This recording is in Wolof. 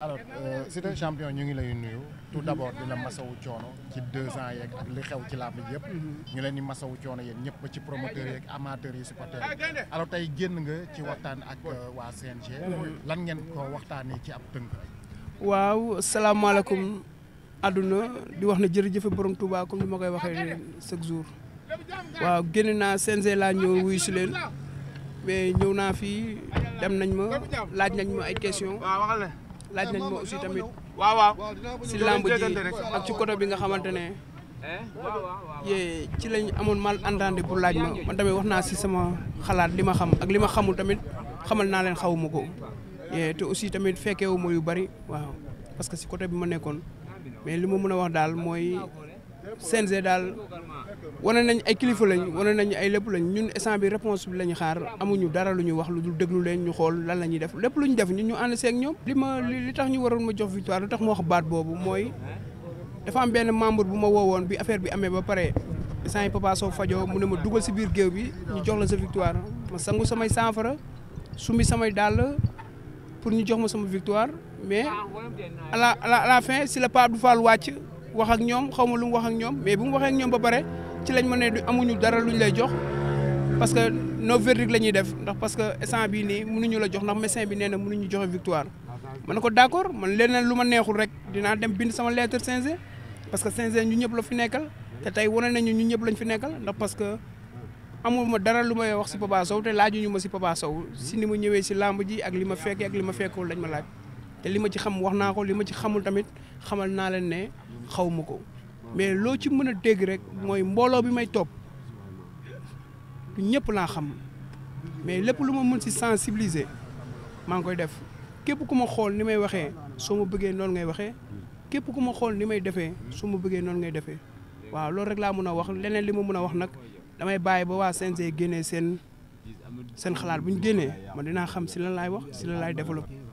alors Siteu champion ñu ngi lay nuyu tout d'abord di la masawu coono ci deux ans yeeg ak xew ci làmb yëpp ñu leen di masawu coono yéen ñëpp ci promoteurs yeeg amateurs yi supporters alors tey génn nga ci waxtaan ak euh, waa CNG lan ngeen ko waxtaanee ci ab tënk waaw salaamaaleykum àdduna di wax na jërëjëfe borom Touba comme ni koy waxee chaque jour waaw génn naa CNG laa ñëw wuyu si leen mais ñëw naa fii dem nañ ma laaj nañ ma ay question laaj nañ ma aussi tamit. waaw waaw si làmb ji ak ci côté bi nga xamante ne. yee ci lañ amoon mal entendre pour laaj ma man tamit wax naa si sama xalaat li ma xam ak li ma xamul tamit xamal naa leen xawuma ko. yee te aussi tamit fekkeewu ma yu bari waaw parce que si côté bi ma nekkoon mais li ma mën a wax daal mooy. CNG daal wane nañ ay kilifa lañ wane nañ ay lépp lañ ñun instant bi réponse bi la ñu xaar amuñu dara lu ñu wax lu dul déglu leen ñu xool lan la ñuy def lépp lu ñu def ñun ñu ànd seeg ñoom. li ma li tax ñu waroon ma jox victoire lu tax ma wax baat boobu mooy dafa am benn membre bu ma woowoon bi affaire bi amee ba pare instant yi Papa Sow fajoo mu ne ma dugal si biir géew bi ñu jox la sa victoire ma sangu samay saafara sumbi samay dàll pour ñu jox ma sama victoire mais wax ak ñoom xaw ma lu mu wax ak ñoom mais bu mu waxee ñoom ba bare ci lañ mën ne amuñu dara luñ lay jox parce que nos verdicts la ñuy def ndax parce que instant bii nii munuñu la jox ndax messin bi nee na mënuñu joxe victoire. ma ne ko d' accord man leneen lu ma neexul rek dinaa dem bind sama lettre CNG parce que CNG ñu ñëpp la fi nekkal te tey wane nañu ñu ñëpp lañ fi nekkal ndax parce que amul ma dara lu may wax si Papa Sow te laajuñu ma si Papa Sow si ni ma ñëwee si làmb ji ak li ma fekkee li ma fekkul lañ ma laaj. li ma ci xam wax naa ko li ma ci xamul tamit xamal naa leen ne xaw ma ko mais loo ci mën a dégg rek mooy mbooloo bi may topp du ñëpp laa xam mais lépp lu ma mun si sensibiliser maa ngi koy def képp ku ma xool ni may waxee soo ma bëggee noonu ngay waxee képp ku ma xool ni may defee soo ma bëggee noonu ngay defee waaw loolu rek laa mën a wax leneen li ma mun a wax nag damay bàyyi ba waa CNG génnee seen seen xalaat bu ñu génnee man dinaa xam si lan laay wax si lan laay développé.